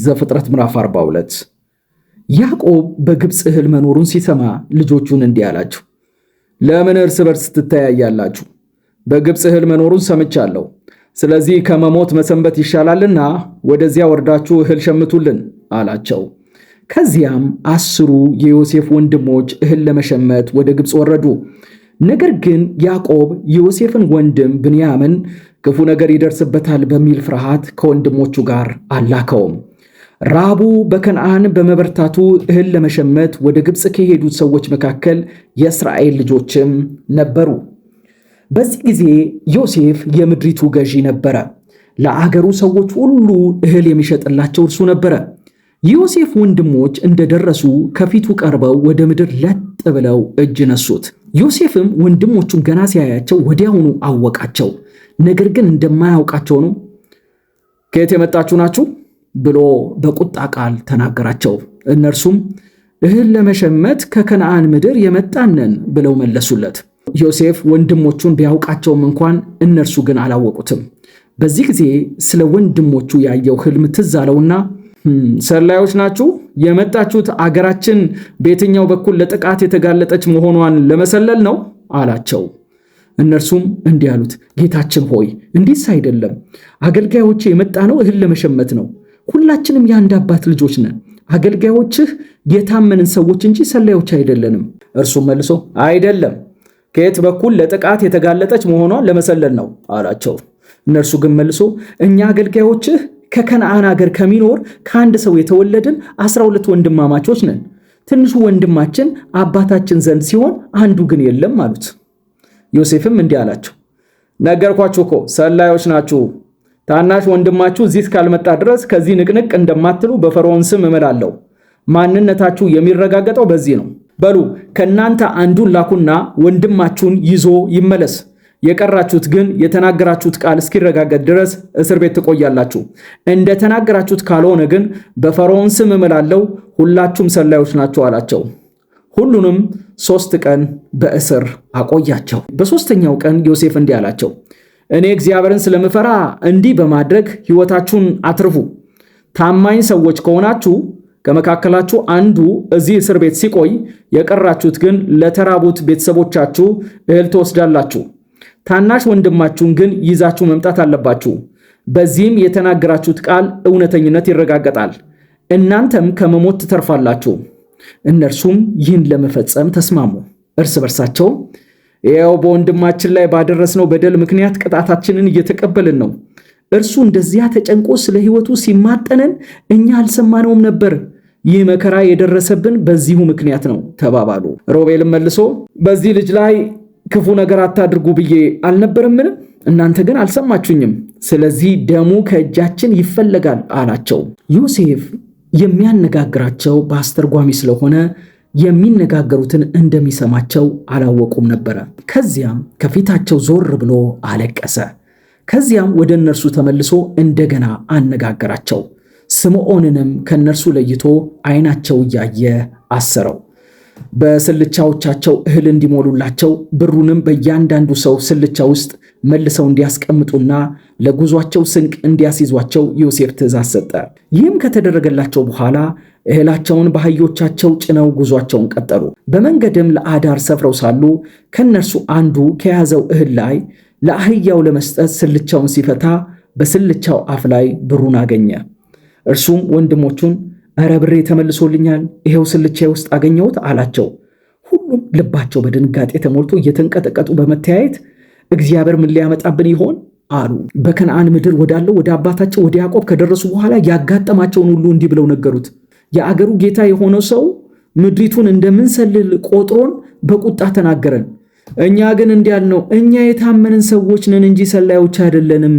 ዘፍጥረት ምዕራፍ 42 ያዕቆብ በግብፅ እህል መኖሩን ሲሰማ ልጆቹን እንዲህ አላቸው፣ ለምን እርስ በርስ ትተያያላችሁ? በግብፅ እህል መኖሩን ሰምቻለሁ። ስለዚህ ከመሞት መሰንበት ይሻላልና ወደዚያ ወርዳችሁ እህል ሸምቱልን አላቸው። ከዚያም አስሩ የዮሴፍ ወንድሞች እህል ለመሸመት ወደ ግብፅ ወረዱ። ነገር ግን ያዕቆብ የዮሴፍን ወንድም ብንያምን ክፉ ነገር ይደርስበታል በሚል ፍርሃት ከወንድሞቹ ጋር አላከውም። ረሃቡ በከነዓን በመበርታቱ እህል ለመሸመት ወደ ግብፅ ከሄዱት ሰዎች መካከል የእስራኤል ልጆችም ነበሩ። በዚህ ጊዜ ዮሴፍ የምድሪቱ ገዢ ነበረ። ለአገሩ ሰዎች ሁሉ እህል የሚሸጥላቸው እርሱ ነበረ። የዮሴፍ ወንድሞች እንደደረሱ ከፊቱ ቀርበው ወደ ምድር ለጥ ብለው እጅ ነሱት። ዮሴፍም ወንድሞቹን ገና ሲያያቸው ወዲያውኑ አወቃቸው። ነገር ግን እንደማያውቃቸው ነው። ከየት የመጣችሁ ናችሁ? ብሎ በቁጣ ቃል ተናገራቸው። እነርሱም እህል ለመሸመት ከከነአን ምድር የመጣነን ብለው መለሱለት። ዮሴፍ ወንድሞቹን ቢያውቃቸውም እንኳን እነርሱ ግን አላወቁትም። በዚህ ጊዜ ስለ ወንድሞቹ ያየው ህልም ትዝ አለውና ሰላዮች ናችሁ የመጣችሁት አገራችን በየትኛው በኩል ለጥቃት የተጋለጠች መሆኗን ለመሰለል ነው አላቸው። እነርሱም እንዲህ አሉት፣ ጌታችን ሆይ እንዲህስ አይደለም፣ አገልጋዮቼ የመጣ ነው እህል ለመሸመት ነው ሁላችንም የአንድ አባት ልጆች ነን፣ አገልጋዮችህ የታመንን ሰዎች እንጂ ሰላዮች አይደለንም። እርሱም መልሶ አይደለም፣ ከየት በኩል ለጥቃት የተጋለጠች መሆኗን ለመሰለል ነው አላቸው። እነርሱ ግን መልሶ እኛ አገልጋዮችህ ከከነአን አገር ከሚኖር ከአንድ ሰው የተወለድን አስራ ሁለት ወንድማማቾች ነን። ትንሹ ወንድማችን አባታችን ዘንድ ሲሆን አንዱ ግን የለም አሉት። ዮሴፍም እንዲህ አላቸው፣ ነገርኳችሁ እኮ ሰላዮች ናችሁ። ታናሽ ወንድማችሁ እዚህ እስካልመጣ ድረስ ከዚህ ንቅንቅ እንደማትሉ በፈርዖን ስም እምላለሁ። ማንነታችሁ የሚረጋገጠው በዚህ ነው። በሉ ከእናንተ አንዱን ላኩና ወንድማችሁን ይዞ ይመለስ። የቀራችሁት ግን የተናገራችሁት ቃል እስኪረጋገጥ ድረስ እስር ቤት ትቆያላችሁ። እንደተናገራችሁት ካልሆነ ግን በፈርዖን ስም እምላለሁ፣ ሁላችሁም ሰላዮች ናችሁ አላቸው። ሁሉንም ሶስት ቀን በእስር አቆያቸው። በሶስተኛው ቀን ዮሴፍ እንዲህ አላቸው እኔ እግዚአብሔርን ስለምፈራ እንዲህ በማድረግ ሕይወታችሁን አትርፉ። ታማኝ ሰዎች ከሆናችሁ ከመካከላችሁ አንዱ እዚህ እስር ቤት ሲቆይ፣ የቀራችሁት ግን ለተራቡት ቤተሰቦቻችሁ እህል ትወስዳላችሁ። ታናሽ ወንድማችሁን ግን ይዛችሁ መምጣት አለባችሁ። በዚህም የተናገራችሁት ቃል እውነተኝነት ይረጋገጣል፣ እናንተም ከመሞት ትተርፋላችሁ። እነርሱም ይህን ለመፈጸም ተስማሙ። እርስ በርሳቸው ይኸው በወንድማችን ላይ ባደረስነው በደል ምክንያት ቅጣታችንን እየተቀበልን ነው። እርሱ እንደዚያ ተጨንቆ ስለ ሕይወቱ ሲማጠነን እኛ አልሰማነውም ነበር። ይህ መከራ የደረሰብን በዚሁ ምክንያት ነው ተባባሉ። ሮቤልም መልሶ በዚህ ልጅ ላይ ክፉ ነገር አታድርጉ ብዬ አልነበረምን? እናንተ ግን አልሰማችሁኝም። ስለዚህ ደሙ ከእጃችን ይፈለጋል አላቸው። ዮሴፍ የሚያነጋግራቸው በአስተርጓሚ ስለሆነ የሚነጋገሩትን እንደሚሰማቸው አላወቁም ነበረ። ከዚያም ከፊታቸው ዞር ብሎ አለቀሰ። ከዚያም ወደ እነርሱ ተመልሶ እንደገና አነጋገራቸው። ስምዖንንም ከእነርሱ ለይቶ ዓይናቸው እያየ አሰረው። በስልቻዎቻቸው እህል እንዲሞሉላቸው ብሩንም በእያንዳንዱ ሰው ስልቻ ውስጥ መልሰው እንዲያስቀምጡና ለጉዟቸው ስንቅ እንዲያስይዟቸው ዮሴፍ ትእዛዝ ሰጠ። ይህም ከተደረገላቸው በኋላ እህላቸውን በአህዮቻቸው ጭነው ጉዟቸውን ቀጠሉ። በመንገድም ለአዳር ሰፍረው ሳሉ ከእነርሱ አንዱ ከያዘው እህል ላይ ለአህያው ለመስጠት ስልቻውን ሲፈታ በስልቻው አፍ ላይ ብሩን አገኘ። እርሱም ወንድሞቹን እረ ብሬ ተመልሶልኛል፣ ይሄው ስልቻ ውስጥ አገኘሁት አላቸው። ሁሉም ልባቸው በድንጋጤ ተሞልቶ እየተንቀጠቀጡ በመተያየት እግዚአብሔር ምን ሊያመጣብን ይሆን አሉ። በከነአን ምድር ወዳለው ወደ አባታቸው ወደ ያዕቆብ ከደረሱ በኋላ ያጋጠማቸውን ሁሉ እንዲህ ብለው ነገሩት። የአገሩ ጌታ የሆነው ሰው ምድሪቱን እንደምንሰልል ቆጥሮን በቁጣ ተናገረን። እኛ ግን እንዲያል ነው እኛ የታመንን ሰዎች ነን እንጂ ሰላዮች አይደለንም።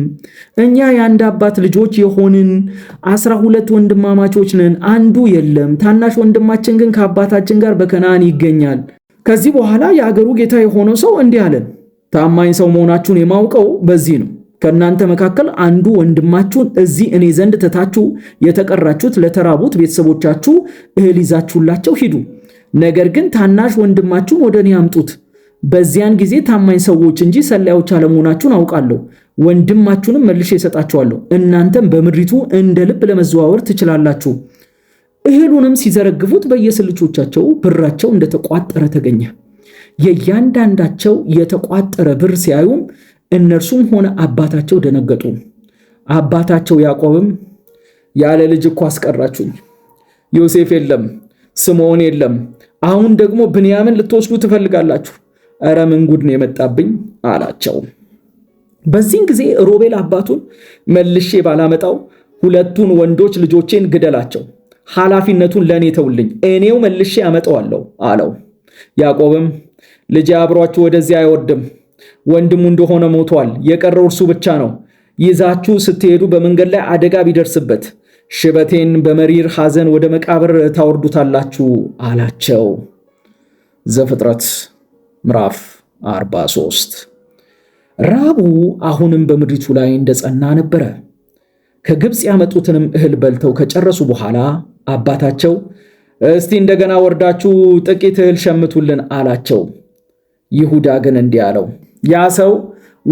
እኛ የአንድ አባት ልጆች የሆንን አስራ ሁለት ወንድማማቾች ነን፣ አንዱ የለም። ታናሽ ወንድማችን ግን ከአባታችን ጋር በከናን ይገኛል። ከዚህ በኋላ የአገሩ ጌታ የሆነው ሰው እንዲህ አለን፣ ታማኝ ሰው መሆናችሁን የማውቀው በዚህ ነው። ከእናንተ መካከል አንዱ ወንድማችሁን እዚህ እኔ ዘንድ ትታችሁ የተቀራችሁት ለተራቡት ቤተሰቦቻችሁ እህል ይዛችሁላቸው ሂዱ። ነገር ግን ታናሽ ወንድማችሁን ወደ እኔ አምጡት በዚያን ጊዜ ታማኝ ሰዎች እንጂ ሰላዮች አለመሆናችሁን አውቃለሁ። ወንድማችሁንም መልሼ እሰጣችኋለሁ፣ እናንተም በምድሪቱ እንደ ልብ ለመዘዋወር ትችላላችሁ። እህሉንም ሲዘረግፉት በየስልቾቻቸው ብራቸው እንደተቋጠረ ተገኘ። የእያንዳንዳቸው የተቋጠረ ብር ሲያዩም እነርሱም ሆነ አባታቸው ደነገጡ። አባታቸው ያዕቆብም ያለ ልጅ እኮ አስቀራችሁኝ፣ ዮሴፍ የለም፣ ስምዖን የለም፣ አሁን ደግሞ ብንያምን ልትወስዱ ትፈልጋላችሁ እረ ምን ጉድ ነው የመጣብኝ አላቸው። በዚህን ጊዜ ሮቤል አባቱን መልሼ ባላመጣው ሁለቱን ወንዶች ልጆቼን ግደላቸው፣ ኃላፊነቱን ለእኔ ተውልኝ፣ እኔው መልሼ አመጣዋለሁ አለው። ያዕቆብም ልጄ አብሯችሁ ወደዚህ አይወርድም፣ ወንድሙ እንደሆነ ሞቷል፣ የቀረው እርሱ ብቻ ነው። ይዛችሁ ስትሄዱ በመንገድ ላይ አደጋ ቢደርስበት ሽበቴን በመሪር ሐዘን ወደ መቃብር ታወርዱታላችሁ አላቸው። ዘፍጥረት ምዕራፍ 43 ራቡ አሁንም በምድሪቱ ላይ እንደጸና ነበረ። ከግብፅ ያመጡትንም እህል በልተው ከጨረሱ በኋላ አባታቸው እስቲ እንደገና ወርዳችሁ ጥቂት እህል ሸምቱልን አላቸው። ይሁዳ ግን እንዲህ አለው፣ ያ ሰው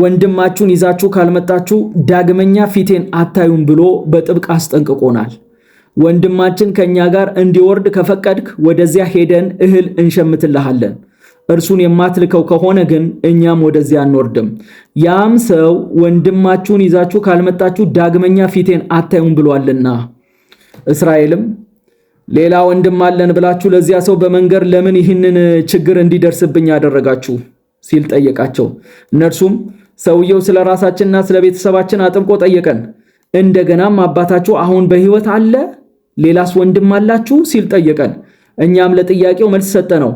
ወንድማችሁን ይዛችሁ ካልመጣችሁ ዳግመኛ ፊቴን አታዩም ብሎ በጥብቅ አስጠንቅቆናል። ወንድማችን ከእኛ ጋር እንዲወርድ ከፈቀድክ ወደዚያ ሄደን እህል እንሸምትልሃለን እርሱን የማትልከው ከሆነ ግን እኛም ወደዚያ አንወርድም። ያም ሰው ወንድማችሁን ይዛችሁ ካልመጣችሁ ዳግመኛ ፊቴን አታዩም ብሏልና። እስራኤልም ሌላ ወንድም አለን ብላችሁ ለዚያ ሰው በመንገር ለምን ይህንን ችግር እንዲደርስብኝ አደረጋችሁ ሲል ጠየቃቸው። እነርሱም ሰውየው ስለ ራሳችንና ስለ ቤተሰባችን አጥብቆ ጠየቀን፣ እንደገናም አባታችሁ አሁን በሕይወት አለ ሌላስ ወንድም አላችሁ ሲል ጠየቀን። እኛም ለጥያቄው መልስ ሰጠ ነው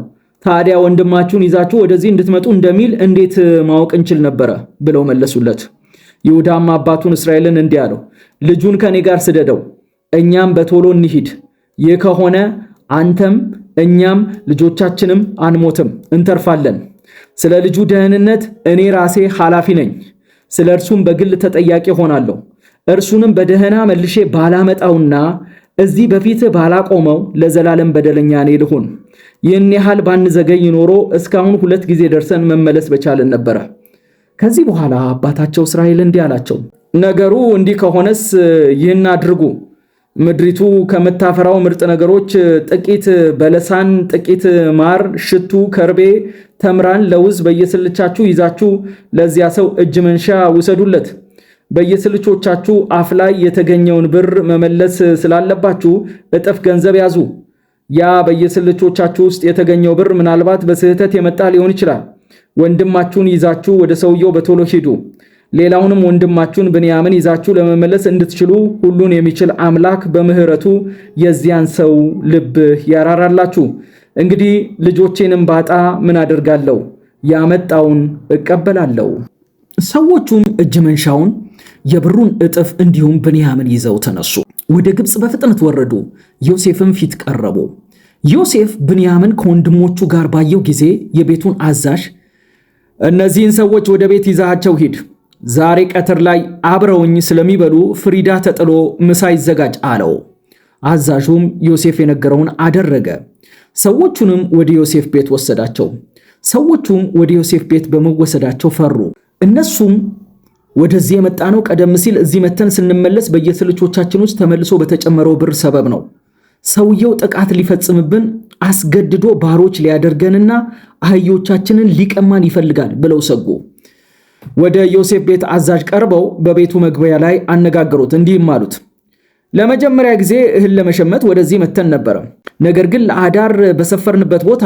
ታዲያ ወንድማችሁን ይዛችሁ ወደዚህ እንድትመጡ እንደሚል እንዴት ማወቅ እንችል ነበረ? ብለው መለሱለት። ይሁዳም አባቱን እስራኤልን እንዲህ አለው፣ ልጁን ከኔ ጋር ስደደው፣ እኛም በቶሎ እንሂድ። ይህ ከሆነ አንተም እኛም ልጆቻችንም አንሞትም እንተርፋለን። ስለ ልጁ ደህንነት እኔ ራሴ ኃላፊ ነኝ፣ ስለ እርሱም በግል ተጠያቂ ሆናለሁ። እርሱንም በደህና መልሼ ባላመጣውና እዚህ በፊትህ ባላቆመው ለዘላለም በደለኛ እኔ ልሁን። ይህን ያህል ባንዘገይ ኖሮ እስካሁን ሁለት ጊዜ ደርሰን መመለስ በቻለን ነበረ። ከዚህ በኋላ አባታቸው እስራኤል እንዲህ አላቸው፣ ነገሩ እንዲህ ከሆነስ ይህን አድርጉ። ምድሪቱ ከምታፈራው ምርጥ ነገሮች ጥቂት በለሳን፣ ጥቂት ማር፣ ሽቱ፣ ከርቤ፣ ተምራን፣ ለውዝ በየስልቻችሁ ይዛችሁ ለዚያ ሰው እጅ መንሻ ውሰዱለት። በየስልቾቻችሁ አፍ ላይ የተገኘውን ብር መመለስ ስላለባችሁ እጥፍ ገንዘብ ያዙ። ያ በየስልቾቻችሁ ውስጥ የተገኘው ብር ምናልባት በስህተት የመጣ ሊሆን ይችላል። ወንድማችሁን ይዛችሁ ወደ ሰውየው በቶሎ ሂዱ። ሌላውንም ወንድማችሁን ብንያምን ይዛችሁ ለመመለስ እንድትችሉ ሁሉን የሚችል አምላክ በምሕረቱ የዚያን ሰው ልብ ያራራላችሁ። እንግዲህ ልጆቼንም ባጣ ምን አደርጋለሁ? ያመጣውን እቀበላለሁ። ሰዎቹም እጅ መንሻውን የብሩን እጥፍ እንዲሁም ብንያምን ይዘው ተነሱ። ወደ ግብፅ በፍጥነት ወረዱ። ዮሴፍም ፊት ቀረቡ። ዮሴፍ ብንያምን ከወንድሞቹ ጋር ባየው ጊዜ የቤቱን አዛዥ እነዚህን ሰዎች ወደ ቤት ይዛቸው ሂድ፣ ዛሬ ቀትር ላይ አብረውኝ ስለሚበሉ ፍሪዳ ተጥሎ ምሳ ይዘጋጅ አለው። አዛዡም ዮሴፍ የነገረውን አደረገ። ሰዎቹንም ወደ ዮሴፍ ቤት ወሰዳቸው። ሰዎቹም ወደ ዮሴፍ ቤት በመወሰዳቸው ፈሩ። እነሱም ወደዚህ የመጣ ነው። ቀደም ሲል እዚህ መተን ስንመለስ በየስልቾቻችን ውስጥ ተመልሶ በተጨመረው ብር ሰበብ ነው። ሰውየው ጥቃት ሊፈጽምብን አስገድዶ ባሮች ሊያደርገንና አህዮቻችንን ሊቀማን ይፈልጋል ብለው ሰጉ። ወደ ዮሴፍ ቤት አዛዥ ቀርበው በቤቱ መግቢያ ላይ አነጋገሩት። እንዲህም አሉት፣ ለመጀመሪያ ጊዜ እህል ለመሸመት ወደዚህ መተን ነበረ። ነገር ግን ለአዳር በሰፈርንበት ቦታ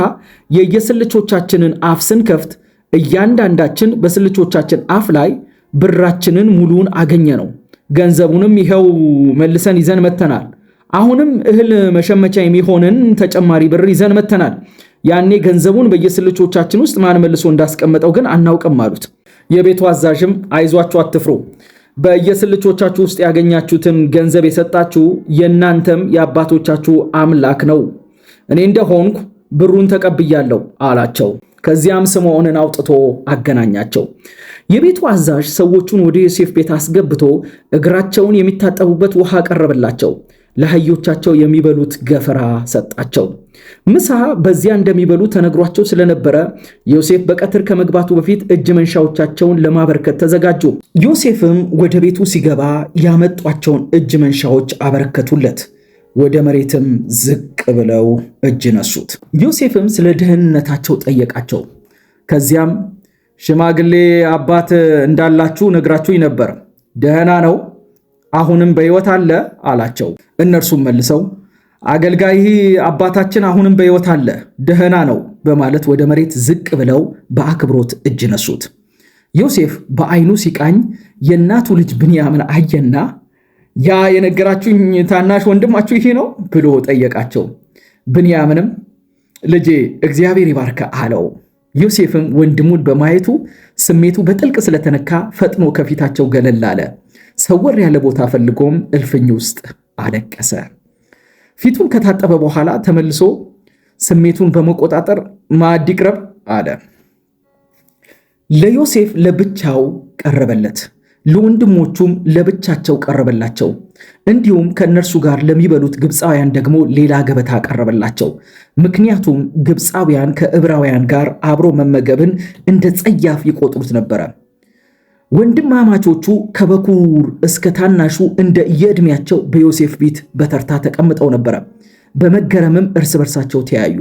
የየስልቾቻችንን አፍ ስንከፍት እያንዳንዳችን በስልቾቻችን አፍ ላይ ብራችንን ሙሉውን አገኘ ነው። ገንዘቡንም ይኸው መልሰን ይዘን መተናል። አሁንም እህል መሸመቻ የሚሆንን ተጨማሪ ብር ይዘን መተናል። ያኔ ገንዘቡን በየስልቾቻችን ውስጥ ማን መልሶ እንዳስቀመጠው ግን አናውቅም አሉት። የቤቱ አዛዥም አይዟችሁ፣ አትፍሩ በየስልቾቻችሁ ውስጥ ያገኛችሁትን ገንዘብ የሰጣችሁ የእናንተም የአባቶቻችሁ አምላክ ነው። እኔ እንደሆንኩ ብሩን ተቀብያለሁ አላቸው። ከዚያም ስምዖንን አውጥቶ አገናኛቸው። የቤቱ አዛዥ ሰዎቹን ወደ ዮሴፍ ቤት አስገብቶ እግራቸውን የሚታጠቡበት ውሃ ቀረበላቸው። ለአህዮቻቸው የሚበሉት ገፈራ ሰጣቸው። ምሳ በዚያ እንደሚበሉ ተነግሯቸው ስለነበረ ዮሴፍ በቀትር ከመግባቱ በፊት እጅ መንሻዎቻቸውን ለማበረከት ተዘጋጁ። ዮሴፍም ወደ ቤቱ ሲገባ ያመጧቸውን እጅ መንሻዎች አበረከቱለት። ወደ መሬትም ዝቅ ብለው እጅ ነሱት። ዮሴፍም ስለ ደህንነታቸው ጠየቃቸው። ከዚያም ሽማግሌ አባት እንዳላችሁ ነግራችሁኝ ነበር። ደህና ነው፣ አሁንም በሕይወት አለ አላቸው። እነርሱም መልሰው አገልጋይ አባታችን አሁንም በሕይወት አለ፣ ደህና ነው በማለት ወደ መሬት ዝቅ ብለው በአክብሮት እጅ ነሱት። ዮሴፍ በዓይኑ ሲቃኝ የእናቱ ልጅ ብንያምን አየና ያ የነገራችሁኝ ታናሽ ወንድማችሁ ይሄ ነው ብሎ ጠየቃቸው። ብንያምንም ልጄ እግዚአብሔር ይባርከ አለው። ዮሴፍም ወንድሙን በማየቱ ስሜቱ በጥልቅ ስለተነካ ፈጥኖ ከፊታቸው ገለል አለ። ሰወር ያለ ቦታ ፈልጎም እልፍኝ ውስጥ አለቀሰ። ፊቱን ከታጠበ በኋላ ተመልሶ ስሜቱን በመቆጣጠር ማዕድ ይቅረብ አለ። ለዮሴፍ ለብቻው ቀረበለት። ለወንድሞቹም ለብቻቸው ቀረበላቸው። እንዲሁም ከእነርሱ ጋር ለሚበሉት ግብፃውያን ደግሞ ሌላ ገበታ ቀረበላቸው። ምክንያቱም ግብፃውያን ከዕብራውያን ጋር አብሮ መመገብን እንደ ጸያፍ ይቆጥሩት ነበረ። ወንድማማቾቹ ከበኩር እስከ ታናሹ እንደ የዕድሜያቸው በዮሴፍ ቤት በተርታ ተቀምጠው ነበረ። በመገረምም እርስ በርሳቸው ተያዩ።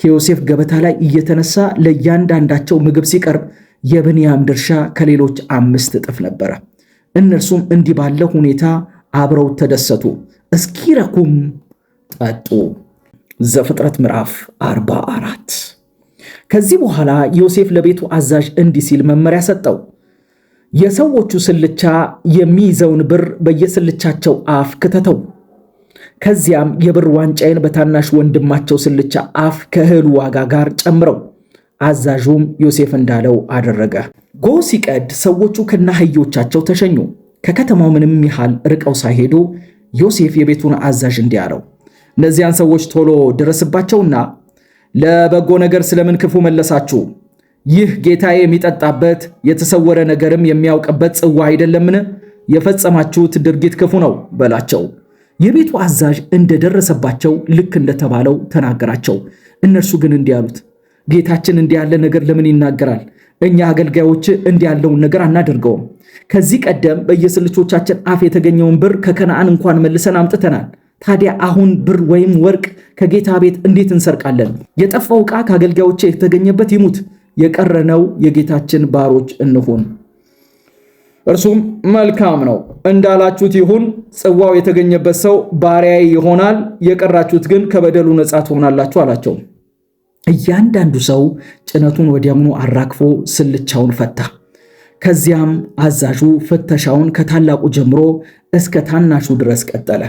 ከዮሴፍ ገበታ ላይ እየተነሳ ለእያንዳንዳቸው ምግብ ሲቀርብ የብንያም ድርሻ ከሌሎች አምስት እጥፍ ነበረ። እነርሱም እንዲህ ባለ ሁኔታ አብረው ተደሰቱ፣ እስኪረኩም ጠጡ። ዘፍጥረት ምዕራፍ 44 ከዚህ በኋላ ዮሴፍ ለቤቱ አዛዥ እንዲህ ሲል መመሪያ ሰጠው። የሰዎቹ ስልቻ የሚይዘውን ብር በየስልቻቸው አፍ ክተተው። ከዚያም የብር ዋንጫዬን በታናሽ ወንድማቸው ስልቻ አፍ ከእህሉ ዋጋ ጋር ጨምረው አዛዡም ዮሴፍ እንዳለው አደረገ። ጎህ ሲቀድ ሰዎቹ ከነ ተሸኙ። ከከተማው ምንም ያህል ርቀው ሳይሄዱ ዮሴፍ የቤቱን አዛዥ እንዲህ አለው፣ እነዚያን ሰዎች ቶሎ ድረስባቸውና ለበጎ ነገር ስለምን ክፉ መለሳችሁ? ይህ ጌታዬ የሚጠጣበት የተሰወረ ነገርም የሚያውቅበት ጽዋ አይደለምን? የፈጸማችሁት ድርጊት ክፉ ነው በላቸው። የቤቱ አዛዥ እንደደረሰባቸው ልክ እንደተባለው ተናገራቸው። እነርሱ ግን እንዲህ አሉት ጌታችን እንዲህ ያለ ነገር ለምን ይናገራል? እኛ አገልጋዮች እንዲህ ያለውን ነገር አናደርገውም። ከዚህ ቀደም በየስልቾቻችን አፍ የተገኘውን ብር ከከነአን እንኳን መልሰን አምጥተናል። ታዲያ አሁን ብር ወይም ወርቅ ከጌታ ቤት እንዴት እንሰርቃለን? የጠፋው ዕቃ ከአገልጋዮች የተገኘበት ይሙት፣ የቀረነው የጌታችን ባሮች እንሁን። እርሱም መልካም ነው እንዳላችሁት ይሁን። ጽዋው የተገኘበት ሰው ባሪያ ይሆናል፣ የቀራችሁት ግን ከበደሉ ነፃ ትሆናላችሁ አላቸው። እያንዳንዱ ሰው ጭነቱን ወዲያውኑ አራግፎ ስልቻውን ፈታ። ከዚያም አዛዡ ፍተሻውን ከታላቁ ጀምሮ እስከ ታናሹ ድረስ ቀጠለ።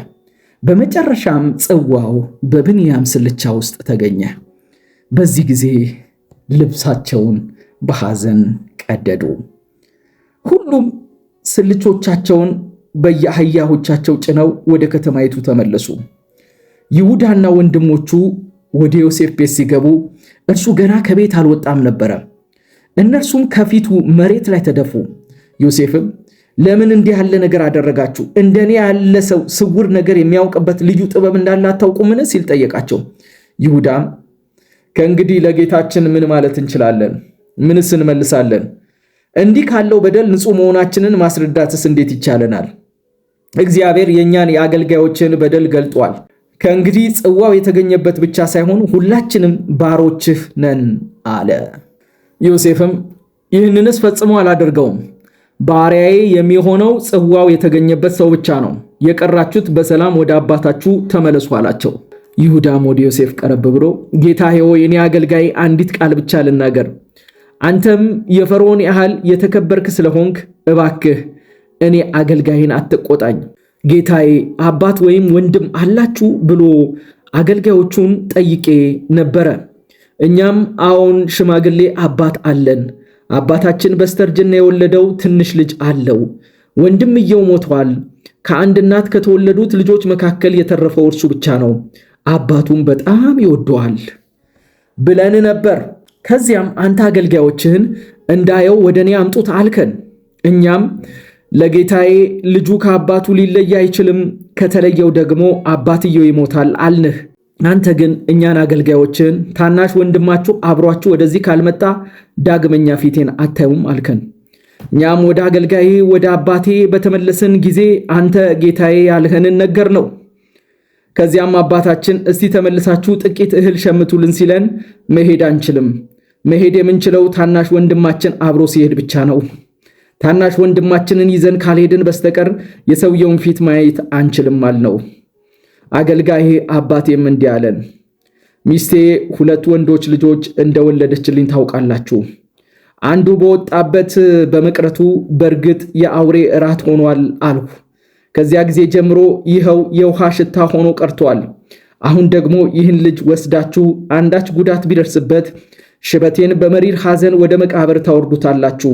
በመጨረሻም ጽዋው በብንያም ስልቻ ውስጥ ተገኘ። በዚህ ጊዜ ልብሳቸውን በሐዘን ቀደዱ። ሁሉም ስልቾቻቸውን በየአህያዎቻቸው ጭነው ወደ ከተማይቱ ተመለሱ። ይሁዳና ወንድሞቹ ወደ ዮሴፍ ቤት ሲገቡ እርሱ ገና ከቤት አልወጣም ነበረ። እነርሱም ከፊቱ መሬት ላይ ተደፉ። ዮሴፍም ለምን እንዲህ ያለ ነገር አደረጋችሁ? እንደኔ ያለ ሰው ስውር ነገር የሚያውቅበት ልዩ ጥበብ እንዳለ አታውቁምን? ሲል ጠየቃቸው። ይሁዳም ከእንግዲህ ለጌታችን ምን ማለት እንችላለን? ምንስ እንመልሳለን? እንዲህ ካለው በደል ንጹሕ መሆናችንን ማስረዳትስ እንዴት ይቻለናል? እግዚአብሔር የእኛን የአገልጋዮችን በደል ገልጧል። ከእንግዲህ ጽዋው የተገኘበት ብቻ ሳይሆን ሁላችንም ባሮችህ ነን አለ። ዮሴፍም ይህንንስ ፈጽሞ አላደርገውም፣ ባሪያዬ የሚሆነው ጽዋው የተገኘበት ሰው ብቻ ነው፣ የቀራችሁት በሰላም ወደ አባታችሁ ተመለሱ አላቸው። ይሁዳም ወደ ዮሴፍ ቀረብ ብሎ ጌታ ሆይ እኔ አገልጋይ አንዲት ቃል ብቻ ልናገር፣ አንተም የፈርዖን ያህል የተከበርክ ስለሆንክ እባክህ እኔ አገልጋይን አትቆጣኝ ጌታዬ አባት ወይም ወንድም አላችሁ ብሎ አገልጋዮቹን ጠይቄ ነበረ። እኛም አዎን ሽማግሌ አባት አለን፣ አባታችን በስተርጅና የወለደው ትንሽ ልጅ አለው፣ ወንድምየው ሞተዋል። ከአንድ እናት ከተወለዱት ልጆች መካከል የተረፈው እርሱ ብቻ ነው፣ አባቱም በጣም ይወደዋል ብለን ነበር። ከዚያም አንተ አገልጋዮችህን እንዳየው ወደ እኔ አምጡት አልከን። እኛም ለጌታዬ ልጁ ከአባቱ ሊለይ አይችልም፣ ከተለየው ደግሞ አባትየው ይሞታል አልንህ። አንተ ግን እኛን አገልጋዮችን ታናሽ ወንድማችሁ አብሯችሁ ወደዚህ ካልመጣ ዳግመኛ ፊቴን አታዩም አልከን። እኛም ወደ አገልጋዬ ወደ አባቴ በተመለስን ጊዜ አንተ ጌታዬ ያልህንን ነገር ነው። ከዚያም አባታችን እስቲ ተመልሳችሁ ጥቂት እህል ሸምቱልን ሲለን መሄድ አንችልም፣ መሄድ የምንችለው ታናሽ ወንድማችን አብሮ ሲሄድ ብቻ ነው። ታናሽ ወንድማችንን ይዘን ካልሄድን በስተቀር የሰውየውን ፊት ማየት አንችልም አልነው። አገልጋይ አባቴም እንዲህ አለን፣ ሚስቴ ሁለት ወንዶች ልጆች እንደወለደችልኝ ታውቃላችሁ። አንዱ በወጣበት በመቅረቱ በእርግጥ የአውሬ እራት ሆኗል አልሁ። ከዚያ ጊዜ ጀምሮ ይኸው የውሃ ሽታ ሆኖ ቀርቷል። አሁን ደግሞ ይህን ልጅ ወስዳችሁ አንዳች ጉዳት ቢደርስበት ሽበቴን በመሪር ሐዘን ወደ መቃብር ታወርዱታላችሁ።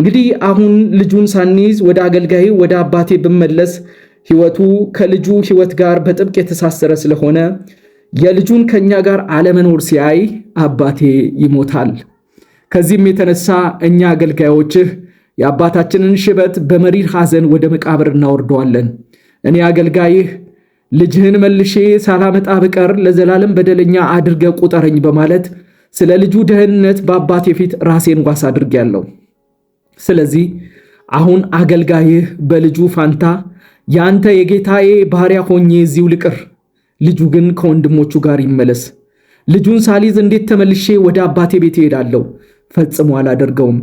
እንግዲህ አሁን ልጁን ሳንይዝ ወደ አገልጋይ ወደ አባቴ ብመለስ ሕይወቱ ከልጁ ሕይወት ጋር በጥብቅ የተሳሰረ ስለሆነ የልጁን ከኛ ጋር አለመኖር ሲያይ አባቴ ይሞታል። ከዚህም የተነሳ እኛ አገልጋዮችህ የአባታችንን ሽበት በመሪር ሐዘን ወደ መቃብር እናወርደዋለን። እኔ አገልጋይህ ልጅህን መልሼ ሳላመጣ ብቀር ለዘላለም በደለኛ አድርገ ቁጠረኝ በማለት ስለ ልጁ ደህንነት በአባቴ ፊት ራሴን ዋስ አድርጌያለሁ። ስለዚህ አሁን አገልጋይህ በልጁ ፋንታ ያንተ የጌታዬ ባሪያ ሆኜ እዚሁ ልቅር፣ ልጁ ግን ከወንድሞቹ ጋር ይመለስ። ልጁን ሳሊዝ እንዴት ተመልሼ ወደ አባቴ ቤት እሄዳለሁ? ፈጽሞ አላደርገውም።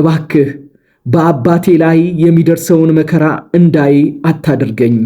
እባክህ በአባቴ ላይ የሚደርሰውን መከራ እንዳይ አታደርገኝ